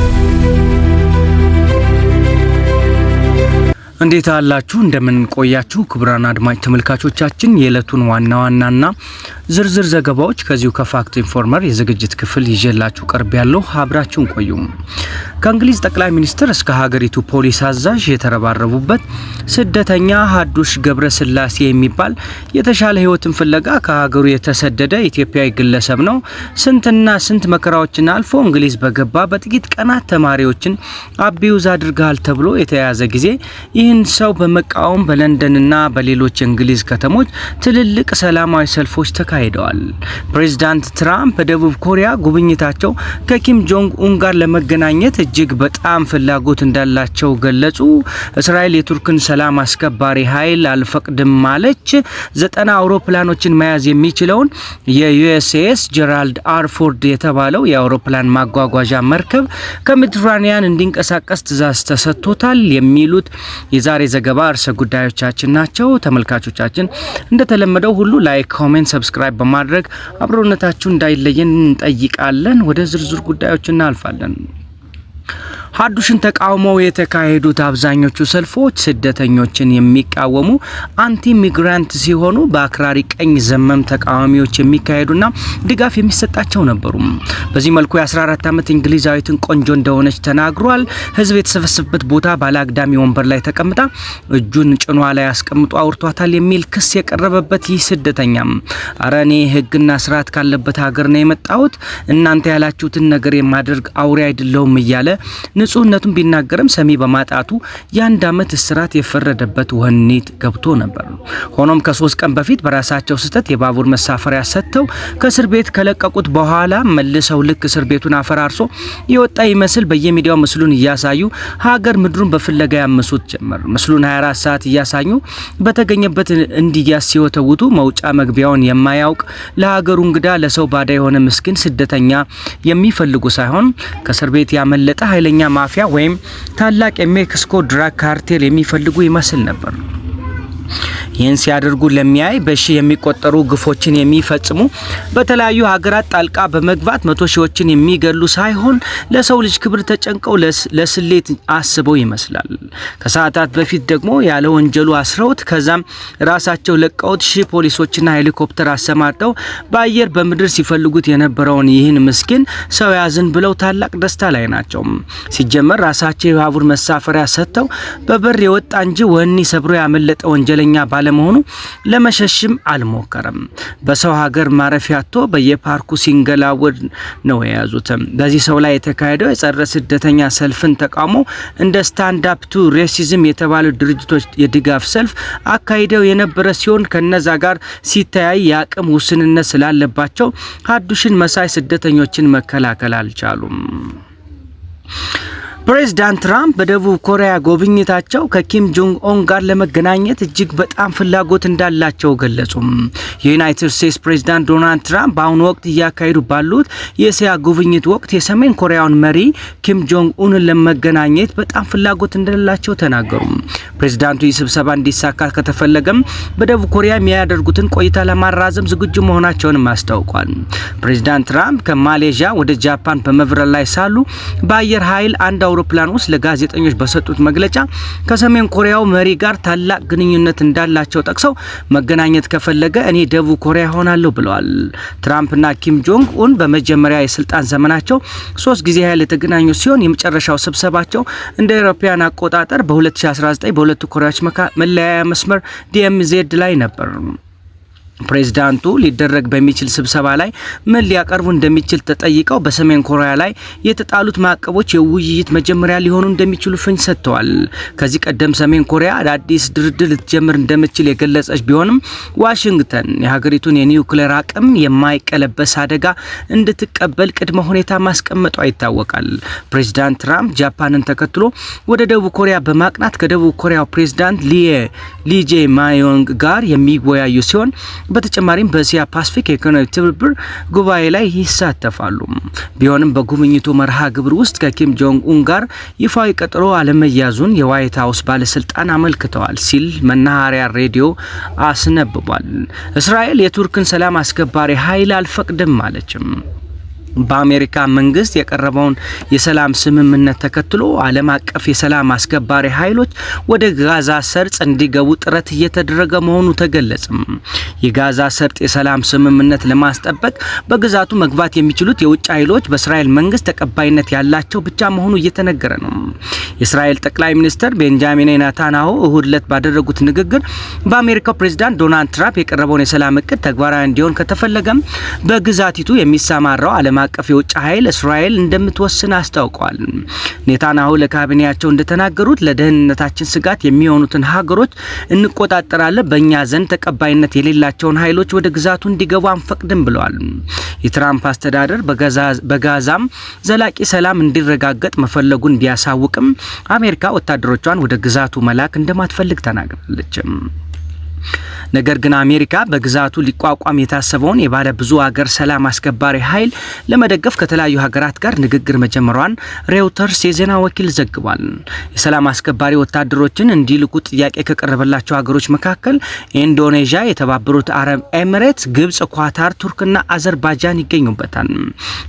Música እንዴት አላችሁ? እንደምን ቆያችሁ? ክቡራን አድማጭ ተመልካቾቻችን የዕለቱን ዋና ዋናና ዝርዝር ዘገባዎች ከዚሁ ከፋክት ኢንፎርመር የዝግጅት ክፍል ይዤላችሁ ቀርብ ያለው አብራችሁን ቆዩ። ከእንግሊዝ ጠቅላይ ሚኒስትር እስከ ሀገሪቱ ፖሊስ አዛዥ የተረባረቡበት ስደተኛ ሀዱሽ ገብረስላሴ የሚባል የተሻለ ሕይወትን ፍለጋ ከሀገሩ የተሰደደ ኢትዮጵያዊ ግለሰብ ነው። ስንትና ስንት መከራዎችን አልፎ እንግሊዝ በገባ በጥቂት ቀናት ተማሪዎችን አቢውዝ አድርገሃል ተብሎ የተያያዘ ጊዜ ይህ ይህን ሰው በመቃወም በለንደንና በሌሎች የእንግሊዝ ከተሞች ትልልቅ ሰላማዊ ሰልፎች ተካሂደዋል። ፕሬዚዳንት ትራምፕ በደቡብ ኮሪያ ጉብኝታቸው ከኪም ጆንግ ኡን ጋር ለመገናኘት እጅግ በጣም ፍላጎት እንዳላቸው ገለጹ። እስራኤል የቱርክን ሰላም አስከባሪ ኃይል አልፈቅድም ማለች። ዘጠና አውሮፕላኖችን መያዝ የሚችለውን የዩኤስኤስ ጀራልድ አርፎርድ የተባለው የአውሮፕላን ማጓጓዣ መርከብ ከሜዲትራኒያን እንዲንቀሳቀስ ትእዛዝ ተሰጥቶታል የሚሉት የዛሬ ዘገባ እርሰ ጉዳዮቻችን ናቸው። ተመልካቾቻችን እንደተለመደው ሁሉ ላይክ፣ ኮሜንት፣ ሰብስክራይብ በማድረግ አብሮነታችሁ እንዳይለየን እንጠይቃለን። ወደ ዝርዝር ጉዳዮች እናልፋለን። ሀዱሽን ተቃውመው የተካሄዱት አብዛኞቹ ሰልፎች ስደተኞችን የሚቃወሙ አንቲ ሚግራንት ሲሆኑ በአክራሪ ቀኝ ዘመም ተቃዋሚዎች የሚካሄዱና ድጋፍ የሚሰጣቸው ነበሩ። በዚህ መልኩ የ14 ዓመት እንግሊዛዊትን ቆንጆ እንደሆነች ተናግሯል። ህዝብ የተሰበሰበበት ቦታ ባለ አግዳሚ ወንበር ላይ ተቀምጣ እጁን ጭኗ ላይ አስቀምጦ አውርቷታል የሚል ክስ የቀረበበት ይህ ስደተኛ አረ እኔ ህግና ስርዓት ካለበት ሀገር ነው የመጣሁት እናንተ ያላችሁትን ነገር የማደርግ አውሬ አይደለሁም እያለ ንጹህነቱን ቢናገርም ሰሚ በማጣቱ የአንድ ዓመት እስራት የፈረደበት ወህኒት ገብቶ ነበር። ሆኖም ከሶስት ቀን በፊት በራሳቸው ስህተት የባቡር መሳፈሪያ ሰጥተው ከእስር ቤት ከለቀቁት በኋላ መልሰው ልክ እስር ቤቱን አፈራርሶ የወጣ ይመስል በየሚዲያው ምስሉን እያሳዩ ሀገር ምድሩን በፍለጋ ያመሱት ጀመር። ምስሉን 24 ሰዓት እያሳኙ በተገኘበት እንዲያስ ሲወተውቱ መውጫ መግቢያውን የማያውቅ ለሀገሩ እንግዳ ለሰው ባዳ የሆነ ምስኪን ስደተኛ የሚፈልጉ ሳይሆን ከእስር ቤት ያመለጠ ኃይለኛ ማፊያ ወይም ታላቅ የሜክሲኮ ድራግ ካርቴል የሚፈልጉ ይመስል ነበር። ይህን ሲያደርጉ ለሚያይ በሺ የሚቆጠሩ ግፎችን የሚፈጽሙ በተለያዩ ሀገራት ጣልቃ በመግባት መቶ ሺዎችን የሚገሉ ሳይሆን ለሰው ልጅ ክብር ተጨንቀው ለስሌት አስበው ይመስላል። ከሰዓታት በፊት ደግሞ ያለ ወንጀሉ አስረውት ከዛም ራሳቸው ለቀውት ሺ ፖሊሶችና ሄሊኮፕተር አሰማርተው በአየር በምድር ሲፈልጉት የነበረውን ይህን ምስኪን ሰው ያዝን ብለው ታላቅ ደስታ ላይ ናቸው። ሲጀመር ራሳቸው የባቡር መሳፈሪያ ሰጥተው በበር የወጣ እንጂ ወህኒ ሰብሮ ያመለጠ ወንጀል ወንጀለኛ ባለመሆኑ ለመሸሽም አልሞከረም። በሰው ሀገር ማረፊያ አጥቶ በየፓርኩ ሲንገላወድ ነው የያዙትም። በዚህ ሰው ላይ የተካሄደው የጸረ ስደተኛ ሰልፍን ተቃውሞ እንደ ስታንድ አፕ ቱ ሬሲዝም የተባሉ ድርጅቶች የድጋፍ ሰልፍ አካሂደው የነበረ ሲሆን ከነዛ ጋር ሲተያይ የአቅም ውስንነት ስላለባቸው ሀዱሽን መሳይ ስደተኞችን መከላከል አልቻሉም። ፕሬዚዳንት ትራምፕ በደቡብ ኮሪያ ጉብኝታቸው ከኪም ጆንግ ኦን ጋር ለመገናኘት እጅግ በጣም ፍላጎት እንዳላቸው ገለጹ። የዩናይትድ ስቴትስ ፕሬዚዳንት ዶናልድ ትራምፕ በአሁኑ ወቅት እያካሄዱ ባሉት የእስያ ጉብኝት ወቅት የሰሜን ኮሪያውን መሪ ኪም ጆንግ ኡንን ለመገናኘት በጣም ፍላጎት እንዳላቸው ተናገሩ። ፕሬዚዳንቱ ይህ ስብሰባ እንዲሳካ ከተፈለገም በደቡብ ኮሪያ የሚያደርጉትን ቆይታ ለማራዘም ዝግጁ መሆናቸውንም አስታውቋል። ፕሬዚዳንት ትራምፕ ከማሌዥያ ወደ ጃፓን በመብረር ላይ ሳሉ በአየር ኃይል አንድ አውሮፕላን ውስጥ ለጋዜጠኞች በሰጡት መግለጫ ከሰሜን ኮሪያው መሪ ጋር ታላቅ ግንኙነት እንዳላቸው ጠቅሰው መገናኘት ከፈለገ እኔ ደቡብ ኮሪያ ሆናለሁ ብለዋል። ትራምፕና ኪም ጆንግ ኡን በመጀመሪያ የስልጣን ዘመናቸው ሶስት ጊዜ ያህል የተገናኙ ሲሆን የመጨረሻው ስብሰባቸው እንደ አውሮፓውያን አቆጣጠር በ2019 በሁለቱ ኮሪያዎች መለያያ መስመር ዲኤምዜድ ላይ ነበር። ፕሬዝዳንቱ ሊደረግ በሚችል ስብሰባ ላይ ምን ሊያቀርቡ እንደሚችል ተጠይቀው በሰሜን ኮሪያ ላይ የተጣሉት ማዕቀቦች የውይይት መጀመሪያ ሊሆኑ እንደሚችሉ ፍንጭ ሰጥተዋል። ከዚህ ቀደም ሰሜን ኮሪያ አዳዲስ ድርድር ልትጀምር እንደምትችል የገለጸች ቢሆንም ዋሽንግተን የሀገሪቱን የኒውክሌር አቅም የማይቀለበስ አደጋ እንድትቀበል ቅድመ ሁኔታ ማስቀመጧ ይታወቃል። ፕሬዝዳንት ትራምፕ ጃፓንን ተከትሎ ወደ ደቡብ ኮሪያ በማቅናት ከደቡብ ኮሪያው ፕሬዝዳንት ሊጄ ማዮንግ ጋር የሚወያዩ ሲሆን በተጨማሪም በእስያ ፓስፊክ የኢኮኖሚ ትብብር ጉባኤ ላይ ይሳተፋሉ። ቢሆንም በጉብኝቱ መርሃ ግብር ውስጥ ከኪም ጆንግ ኡን ጋር ይፋዊ ቀጠሮ አለመያዙን የዋይት ሀውስ ባለስልጣን አመልክተዋል ሲል መናኸሪያ ሬዲዮ አስነብቧል። እስራኤል የቱርክን ሰላም አስከባሪ ኃይል አልፈቅድም አለችም። በአሜሪካ መንግስት የቀረበውን የሰላም ስምምነት ተከትሎ ዓለም አቀፍ የሰላም አስከባሪ ኃይሎች ወደ ጋዛ ሰርጽ እንዲገቡ ጥረት እየተደረገ መሆኑ ተገለጽም። የጋዛ ሰርጥ የሰላም ስምምነት ለማስጠበቅ በግዛቱ መግባት የሚችሉት የውጭ ኃይሎች በእስራኤል መንግስት ተቀባይነት ያላቸው ብቻ መሆኑ እየተነገረ ነው። የእስራኤል ጠቅላይ ሚኒስትር ቤንጃሚን ኔታንያሁ እሁድ ዕለት ባደረጉት ንግግር በአሜሪካው ፕሬዚዳንት ዶናልድ ትራምፕ የቀረበውን የሰላም እቅድ ተግባራዊ እንዲሆን ከተፈለገም በግዛቲቱ የሚሰማራው ዓለም አቀፍ የውጭ ኃይል እስራኤል እንደምትወስን አስታውቋል። ኔታንያሁ ለካቢኔያቸው እንደተናገሩት ለደህንነታችን ስጋት የሚሆኑትን ሀገሮች እንቆጣጠራለን፣ በእኛ ዘንድ ተቀባይነት የሌላቸውን ኃይሎች ወደ ግዛቱ እንዲገቡ አንፈቅድም ብለዋል። የትራምፕ አስተዳደር በጋዛም ዘላቂ ሰላም እንዲረጋገጥ መፈለጉን ቢያሳውቅም አሜሪካ ወታደሮቿን ወደ ግዛቱ መላክ እንደማትፈልግ ተናግራለች። ነገር ግን አሜሪካ በግዛቱ ሊቋቋም የታሰበውን የባለ ብዙ ሀገር ሰላም አስከባሪ ኃይል ለመደገፍ ከተለያዩ ሀገራት ጋር ንግግር መጀመሯን ሬውተርስ የዜና ወኪል ዘግቧል። የሰላም አስከባሪ ወታደሮችን እንዲልኩ ጥያቄ ከቀረበላቸው ሀገሮች መካከል ኢንዶኔዥያ፣ የተባበሩት አረብ ኤምሬት፣ ግብጽ፣ ኳታር፣ ቱርክና አዘርባጃን ይገኙበታል።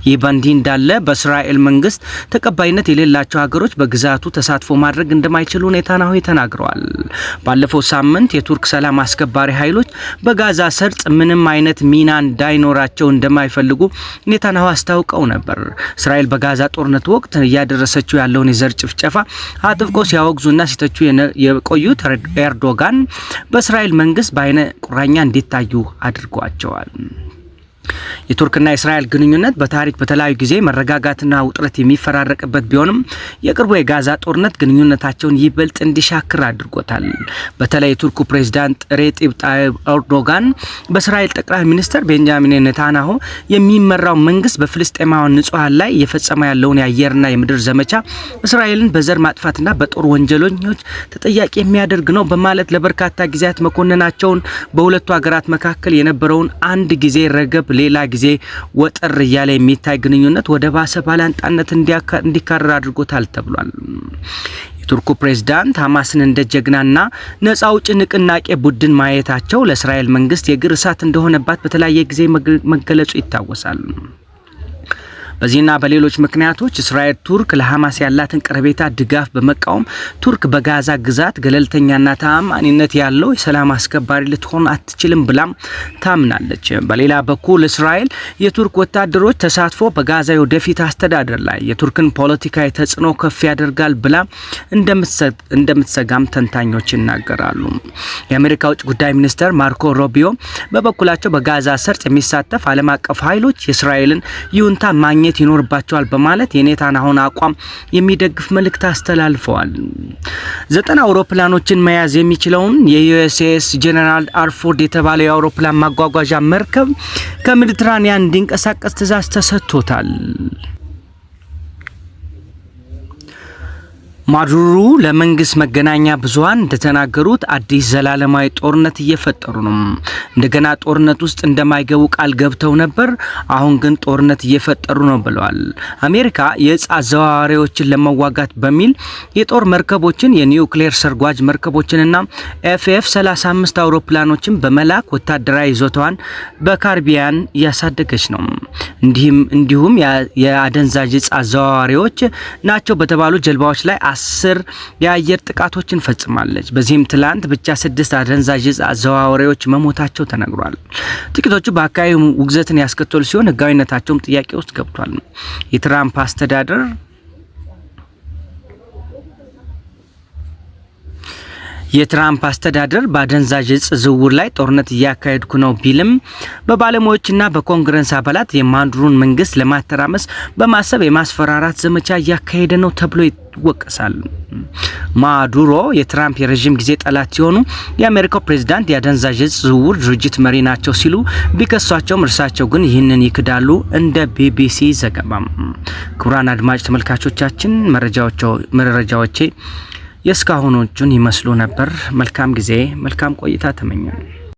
ይህ በእንዲህ እንዳለ በእስራኤል መንግስት ተቀባይነት የሌላቸው ሀገሮች በግዛቱ ተሳትፎ ማድረግ እንደማይችሉ ኔታንያሁ ተናግረዋል። ባለፈው ሳምንት የቱርክ ሰላም አስከባሪ ኃይሎች በጋዛ ሰርጥ ምንም አይነት ሚና እንዳይኖራቸው እንደማይፈልጉ ኔታንያሁ አስታውቀው ነበር። እስራኤል በጋዛ ጦርነት ወቅት እያደረሰችው ያለውን የዘር ጭፍጨፋ አጥብቀው ሲያወግዙና ሲተቹ የቆዩት ኤርዶጋን በእስራኤል መንግስት በአይነ ቁራኛ እንዲታዩ አድርጓቸዋል። የቱርክና የእስራኤል ግንኙነት በታሪክ በተለያዩ ጊዜ መረጋጋትና ውጥረት የሚፈራረቅበት ቢሆንም የቅርቡ የጋዛ ጦርነት ግንኙነታቸውን ይበልጥ እንዲሻክር አድርጎታል። በተለይ የቱርኩ ፕሬዚዳንት ሬጢብ ጣይብ ኤርዶጋን በእስራኤል ጠቅላይ ሚኒስትር ቤንጃሚን ኔታንያሁ የሚመራው መንግስት በፍልስጤማውያን ንጹሐን ላይ እየፈጸመ ያለውን የአየርና የምድር ዘመቻ እስራኤልን በዘር ማጥፋትና በጦር ወንጀለኞች ተጠያቂ የሚያደርግ ነው በማለት ለበርካታ ጊዜያት መኮንናቸውን በሁለቱ ሀገራት መካከል የነበረውን አንድ ጊዜ ረገብ ሌላ ጊዜ ወጥር እያለ የሚታይ ግንኙነት ወደ ባሰ ባላንጣነት እንዲካረር አድርጎታል ተብሏል። የቱርኩ ፕሬዝዳንት ሐማስን እንደ ጀግናና ነጻ አውጪ ንቅናቄ ቡድን ማየታቸው ለእስራኤል መንግስት የእግር እሳት እንደሆነባት በተለያየ ጊዜ መገለጹ ይታወሳል። በዚህና በሌሎች ምክንያቶች እስራኤል ቱርክ ለሐማስ ያላትን ቅርቤታ ድጋፍ በመቃወም ቱርክ በጋዛ ግዛት ገለልተኛና ተአማኒነት ያለው የሰላም አስከባሪ ልትሆን አትችልም ብላም ታምናለች። በሌላ በኩል እስራኤል የቱርክ ወታደሮች ተሳትፎ በጋዛ የወደፊት አስተዳደር ላይ የቱርክን ፖለቲካዊ ተጽዕኖ ከፍ ያደርጋል ብላ እንደምትሰጋም ተንታኞች ይናገራሉ። የአሜሪካ ውጭ ጉዳይ ሚኒስትር ማርኮ ሮቢዮ በበኩላቸው በጋዛ ሰርጥ የሚሳተፍ ዓለም አቀፍ ኃይሎች የእስራኤልን ይሁንታ ማግኘት ማየት ይኖርባቸዋል በማለት የኔታን አሁን አቋም የሚደግፍ መልእክት አስተላልፈዋል። ዘጠና አውሮፕላኖችን መያዝ የሚችለውን የዩኤስኤስ ጄኔራል አርፎርድ የተባለው የአውሮፕላን ማጓጓዣ መርከብ ከሜዲትራኒያን እንዲንቀሳቀስ ትእዛዝ ተሰጥቶታል። ማዱሩ ለመንግስት መገናኛ ብዙሃን እንደተናገሩት አዲስ ዘላለማዊ ጦርነት እየፈጠሩ ነው። እንደገና ጦርነት ውስጥ እንደማይገቡ ቃል ገብተው ነበር። አሁን ግን ጦርነት እየፈጠሩ ነው ብለዋል። አሜሪካ የእጽ አዘዋዋሪዎችን ለመዋጋት በሚል የጦር መርከቦችን፣ የኒውክሌር ሰርጓጅ መርከቦችንና ኤፍኤፍ 35 አውሮፕላኖችን በመላክ ወታደራዊ ይዞታዋን በካርቢያን እያሳደገች ነው። እንዲሁም እንዲሁም የአደንዛዥ እጽ አዘዋዋሪዎች ናቸው በተባሉ ጀልባዎች ላይ አስር የአየር ጥቃቶችን ፈጽማለች። በዚህም ትላንት ብቻ ስድስት አደንዛዥ እጽ አዘዋዋሪዎች መሞታቸው ተነግሯል። ጥቂቶቹ በአካባቢ ውግዘትን ያስከተሉ ሲሆን ህጋዊነታቸውም ጥያቄ ውስጥ ገብቷል። የትራምፕ አስተዳደር የትራምፕ አስተዳደር በአደንዛዥ እጽ ዝውውር ላይ ጦርነት እያካሄድኩ ነው ቢልም በባለሙያዎችና በኮንግረስ አባላት የማንዱሩን መንግስት ለማተራመስ በማሰብ የማስፈራራት ዘመቻ እያካሄደ ነው ተብሎ ይወቀሳል። ማዱሮ የትራምፕ የረዥም ጊዜ ጠላት ሲሆኑ የአሜሪካው ፕሬዚዳንት የአደንዛዥ እጽ ዝውውር ድርጅት መሪ ናቸው ሲሉ ቢከሷቸውም እርሳቸው ግን ይህንን ይክዳሉ። እንደ ቢቢሲ ዘገባም ክቡራን አድማጭ ተመልካቾቻችን መረጃዎቼ የእስካሁኖቹን ይመስሉ ነበር። መልካም ጊዜ፣ መልካም ቆይታ ተመኛል።